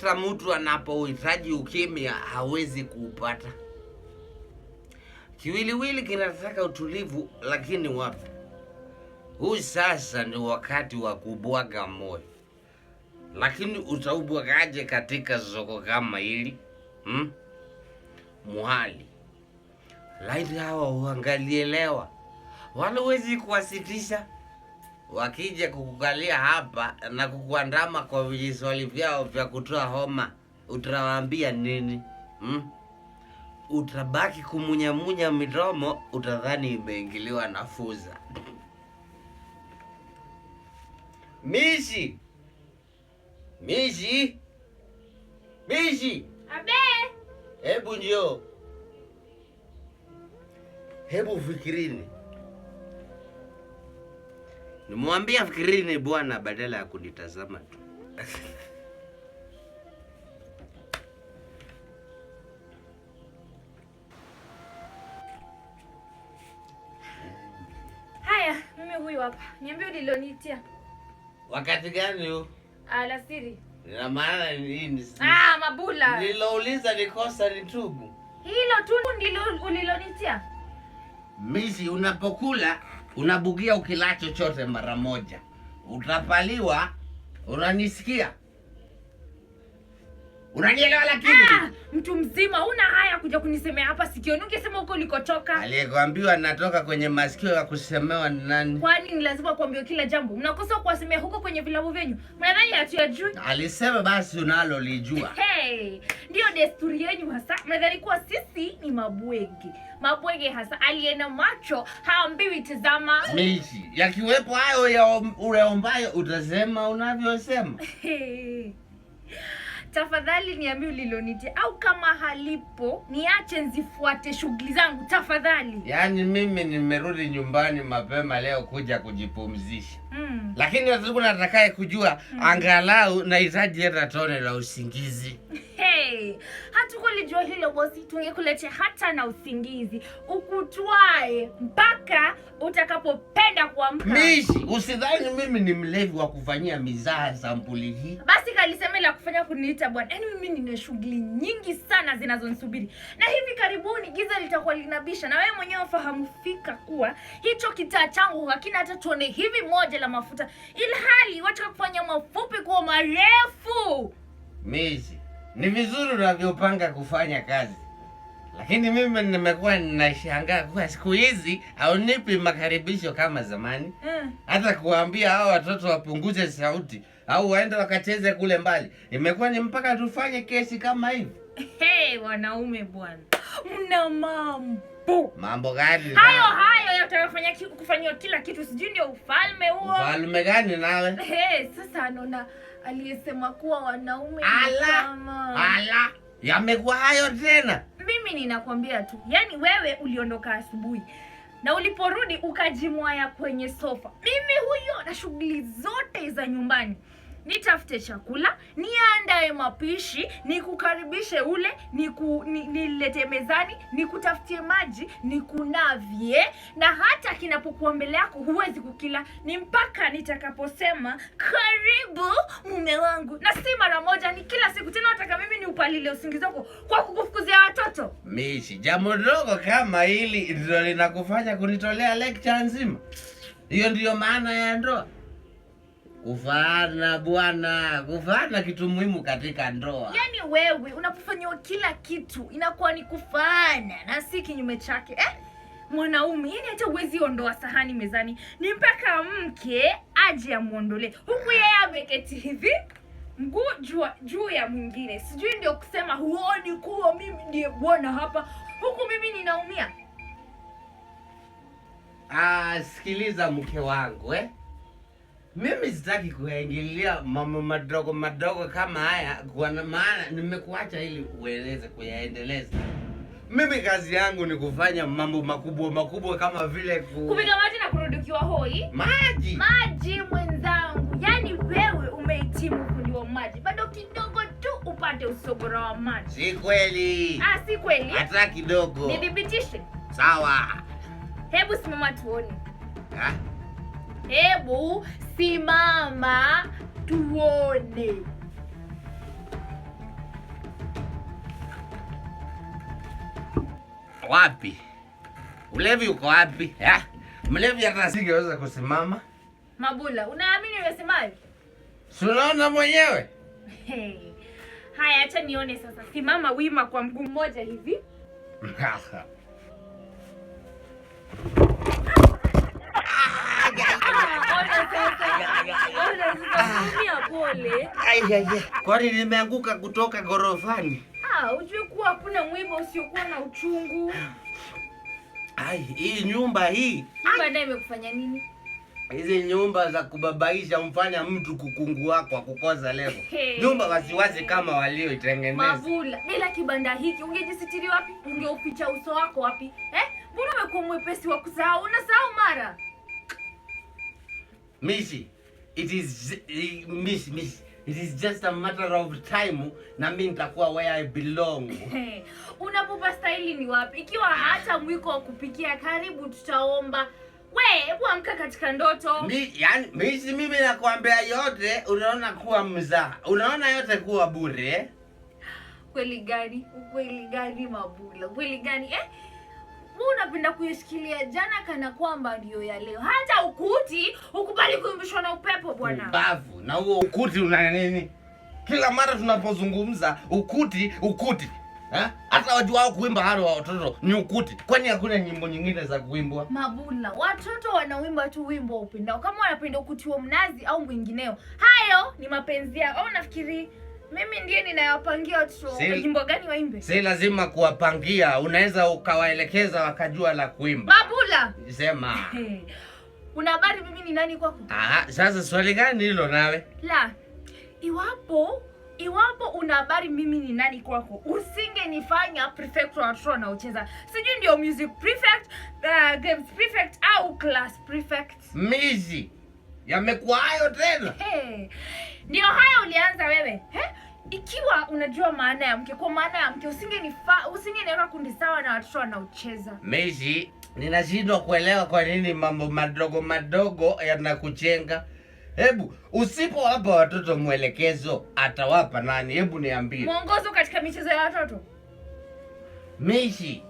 hata mtu anapohitaji ukimya hawezi kuupata. Kiwiliwili kinataka utulivu, lakini wapi? Huu sasa ni wakati wa kubwaga moyo, lakini utaubwagaje katika soko kama hili hmm? Muhali laiti hawa uangalielewa, wala huwezi kuwasitisha wakija kukukalia hapa na kukuandama kwa vijiswali vyao vya kutoa homa, utawaambia nini hmm? Utabaki kumunyamunya midomo, utadhani imeingiliwa na fuza mishi mishi mishi. Abe, hebu njoo, hebu fikirini Nimwambia fikirini bwana, badala ya kunitazama tu. Haya, mimi huyu hapa. Niambie ulilonitia. Wakati gani huu? Alasiri. Na maana nini? Ah, mabula. Nilouliza nikosa nitubu. Hilo tu ndilo ulilonitia. Misi unapokula unabugia ukila chochote mara moja, utapaliwa. Unanisikia? Unanielewa lakini? Ah, mtu mzima una haya kuja kunisemea hapa sikio. Ningesema huko ulikotoka. Aliyekwambiwa natoka kwenye masikio ya kusemewa ni nani? Kwani ni lazima kuambiwa kila jambo? Mnakosa kuwasemea huko kwenye vilabu vyenyu. Mnadhani hatuyajui? Alisema basi unalolijua. Hey, ndio desturi yenu hasa. Mnadhani kuwa sisi ni mabwege. Mabwege hasa aliyena macho haambiwi tazama. Miji, yakiwepo hayo ya ureombayo utasema unavyosema. Hey tafadhali niambie ulilonitia, au kama halipo niache nzifuate shughuli zangu tafadhali. Yaani mimi nimerudi nyumbani mapema leo kuja kujipumzisha. Mm. Lakini wazungu nataka kujua mm. angalau nahitaji hata tone la usingizi. Hey, hatukulijua hilo bosi, tungekuletea hata na usingizi ukutwae mpaka utakapopenda kuamka. Mishi, usidhani mimi ni mlevi wa kufanyia mizaha sampuli hii. Basi kaliseme la kufanya kuniita bwana. Yaani mimi nina shughuli nyingi sana zinazonisubiri na hivi karibuni giza litakuwa linabisha, na wewe mwenyewe ufahamu fika kuwa hicho kitaa changu hakina hata tone hivi moja la la mafuta, ilhali wataka kufanya mafupi kuwa marefu. Mizi, ni vizuri unavyopanga kufanya kazi, lakini mimi nimekuwa ninashangaa kuwa siku hizi haunipi makaribisho kama zamani, mm. hata kuwaambia hao watoto wapunguze sauti au waende wakacheze kule mbali. Imekuwa ni mpaka tufanye kesi kama hivi. Hey, wanaume bwana, mna mambo utupu. Mambo gani hayo hayo yatakufanya kufanyia kila kitu, sijui ndio ufalme huo. Ufalme gani nawe? Hey, sasa anaona aliyesema kuwa wanaume ala, ala. Yamekuwa hayo tena. Mimi ninakwambia tu, yaani wewe uliondoka asubuhi na uliporudi ukajimwaya kwenye sofa. Mimi huyo na shughuli zote za nyumbani nitafute chakula, niandae mapishi, nikukaribishe ule, nilete ni, mezani, nikutafutie maji, nikunavye, na hata kinapokuwa mbele yako huwezi kukila, ni mpaka nitakaposema karibu mume wangu, na si mara moja, ni kila siku. Tena nataka mimi niupalile usingizi wako kwa kukufukuzia watoto. Mishi, jambo dogo kama hili ndio linakufanya kunitolea lecture nzima? Hiyo ndiyo maana ya ndoa. Kufana bwana, kufana kitu muhimu katika ndoa. Yaani wewe unapofanyiwa kila kitu inakuwa ni kufana na si kinyume chake eh? Mwanaume yani hata uwezi ondoa sahani mezani, ni mpaka mke aje amwondolee, huku yeye ameketi hivi mguu juu ya mwingine. Sijui ndio kusema huoni kuwa mimi ndiye bwana hapa, huku mimi ninaumia. Ah, sikiliza mke wangu eh? Mimi sitaki kuingilia mambo madogo madogo kama haya, kwa maana nimekuacha ili ueleze kuyaendeleza. Mimi kazi yangu ni kufanya mambo makubwa makubwa kama vile ku... kupiga maji na kurudukiwa hoi maji maji. Mwenzangu, yaani wewe umehitimu kunywa maji, bado kidogo tu upate usogora wa maji. Si kweli? Ah, si kweli hata kidogo. Nidhibitishe? Sawa, hebu simama tuone ha? Ah. Hebu simama tuone. Wapi ulevi uko wapi Mlevi atasingeweza kusimama. Mabula, unaamini nimesemaje? Unaona mwenyewe Haya, acha nione sasa. Simama wima kwa mguu mmoja hivi Kwani nimeanguka kutoka gorofani? Ah, ujue kuwa hakuna mwiba usiokuwa na uchungu. Ai, hii nyumba hii. Nyumba ndio imekufanya nini? Hizi nyumba za kubabaisha mfanya mtu kukungu wako akukosa leo. Nyumba waziwazi kama walioitengeneza. Mavula, bila kibanda hiki ungejisitiri wapi? Ungeuficha uso wako wapi? Eh? Mbona umekuwa mwepesi wa kusahau? Unasahau mara. Mishi, it is Mishi, Mishi. It is just a matter of time na mimi nitakuwa where I belong. Hey, unapupa ni wapi? Ikiwa hata mwiko wa kupikia karibu tutaomba. We, hebu amka katika ndoto. Mi, yani, mimi mimi nakwambia yote unaona kuwa mzaa. Unaona yote kuwa bure. Kweli gani? Kweli gani Mabula? Kweli gani? Eh? Mbona unapenda kuishikilia jana kana kwamba ndio ya leo? Hata ukuti ukubali kuimbishwa na upepo bwana. Bavu na huo ukuti una nini? Kila mara tunapozungumza ukuti ukuti. Hata wajua wao kuimba halo wa watoto ni ukuti. Kwani hakuna nyimbo nyingine za kuimbwa? Mabula, watoto wanaimba tu wimbo upendao. Kama wanapenda ukuti wa mnazi au mwingineo. Hayo ni mapenzi yao. Au nafikiri mimi ndiye ninayopangia watoto wimbo gani waimbe. Si lazima kuwapangia, unaweza ukawaelekeza wakajua la kuimba. Babula, Sema. Una habari mimi ni nani kwako? Ah, sasa swali gani hilo nawe? La. Iwapo iwapo una habari mimi ni nani kwako, usingenifanya prefect wa watoto wanaocheza, sijui ndio music prefect, uh, games prefect au class prefect. Mizi. Yamekuwa hayo tena. Ndio haya ulianza wewe. Ikiwa unajua maana ya mke, kwa maana ya mke usingenifaa, usingeniweka kundi sawa na watoto wanaocheza. Meshi, ninashindwa kuelewa kwa nini mambo madogo madogo yanakuchenga. Hebu usipowapa watoto mwelekezo atawapa nani? Hebu niambie. Mwongozo katika michezo ya watoto. Meshi,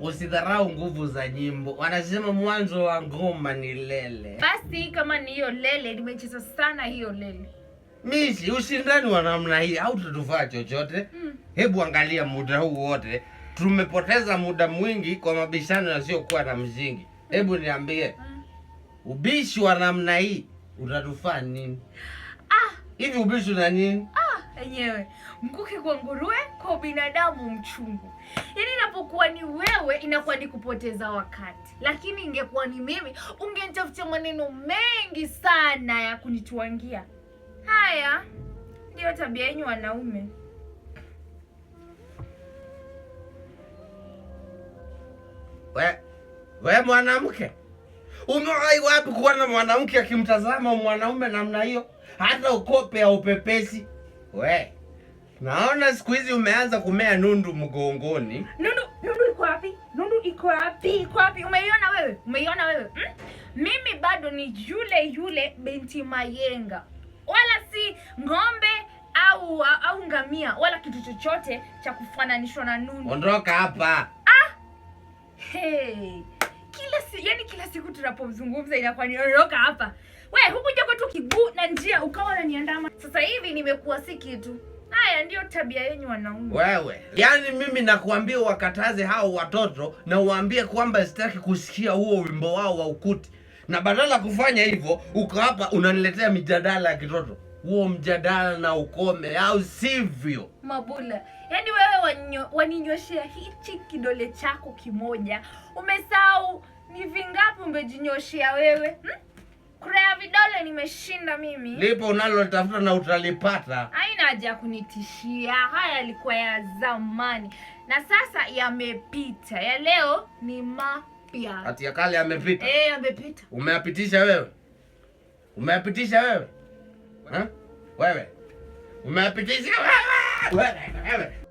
Usidharau nguvu za nyimbo. Wanasema mwanzo wa ngoma ni lele. Basi kama ni hiyo lele, nimecheza sana hiyo lele. Mishi, ushindani wa namna hii au tutufaa chochote. Mm. Hebu angalia muda huu wote tumepoteza muda mwingi kwa mabishano yasiyokuwa na msingi. Hebu mm. niambie, mm. ubishi wa namna hii utatufaa nini? Ah, hivi ubishi na nini? Ah yenyewe mkuki kwa nguruwe, kwa binadamu mchungu. Yaani inapokuwa ni wewe, inakuwa ni kupoteza wakati, lakini ingekuwa ni mimi, ungenitafutia maneno mengi sana ya kunituangia. Haya ndiyo tabia yenu wanaume. We, we mwanamke, umewahi wapi kuwa na mwanamke akimtazama mwanaume namna hiyo? Hata ukope au pepesi we naona siku hizi umeanza kumea nundu mgongoni. Nundu, nundu iko wapi? Nundu iko wapi? Iko wapi? Umeiona wewe? Umeiona wewe? Hmm? Mimi bado ni yule yule binti Mayenga, wala si ng'ombe au au ngamia wala kitu chochote cha kufananishwa na nundu. Ondoka hapa ah! hey kila si, yani kila siku tunapozungumza inakuwa nioroka hapa. We hukuja kwetu kiguu na njia ukawa unaniandama. Sasa hivi nimekuwa si kitu. Haya ndio tabia yenu wanaume. Wewe. Yaani mimi nakuambia wakataze hao watoto na uambie kwamba sitaki kusikia huo wimbo wao wa ukuti. Na badala kufanya hivyo uko hapa unaniletea mijadala ya kitoto huo mjadala na ukome, au sivyo? Mabula, yaani wewe waninyoshea hichi kidole chako kimoja, umesahau ni vingapi umejinyoshea wewe hm? Kura ya vidole nimeshinda mimi. Lipo unalotafuta na utalipata. Haina haja ya kunitishia, haya yalikuwa ya zamani na sasa yamepita. Ya leo ni mapya, kati ya kale yamepita. Eh, yamepita. Umeyapitisha wewe, umeyapitisha wewe ha? Wewe umewapitisha wewe, wewe, wewe.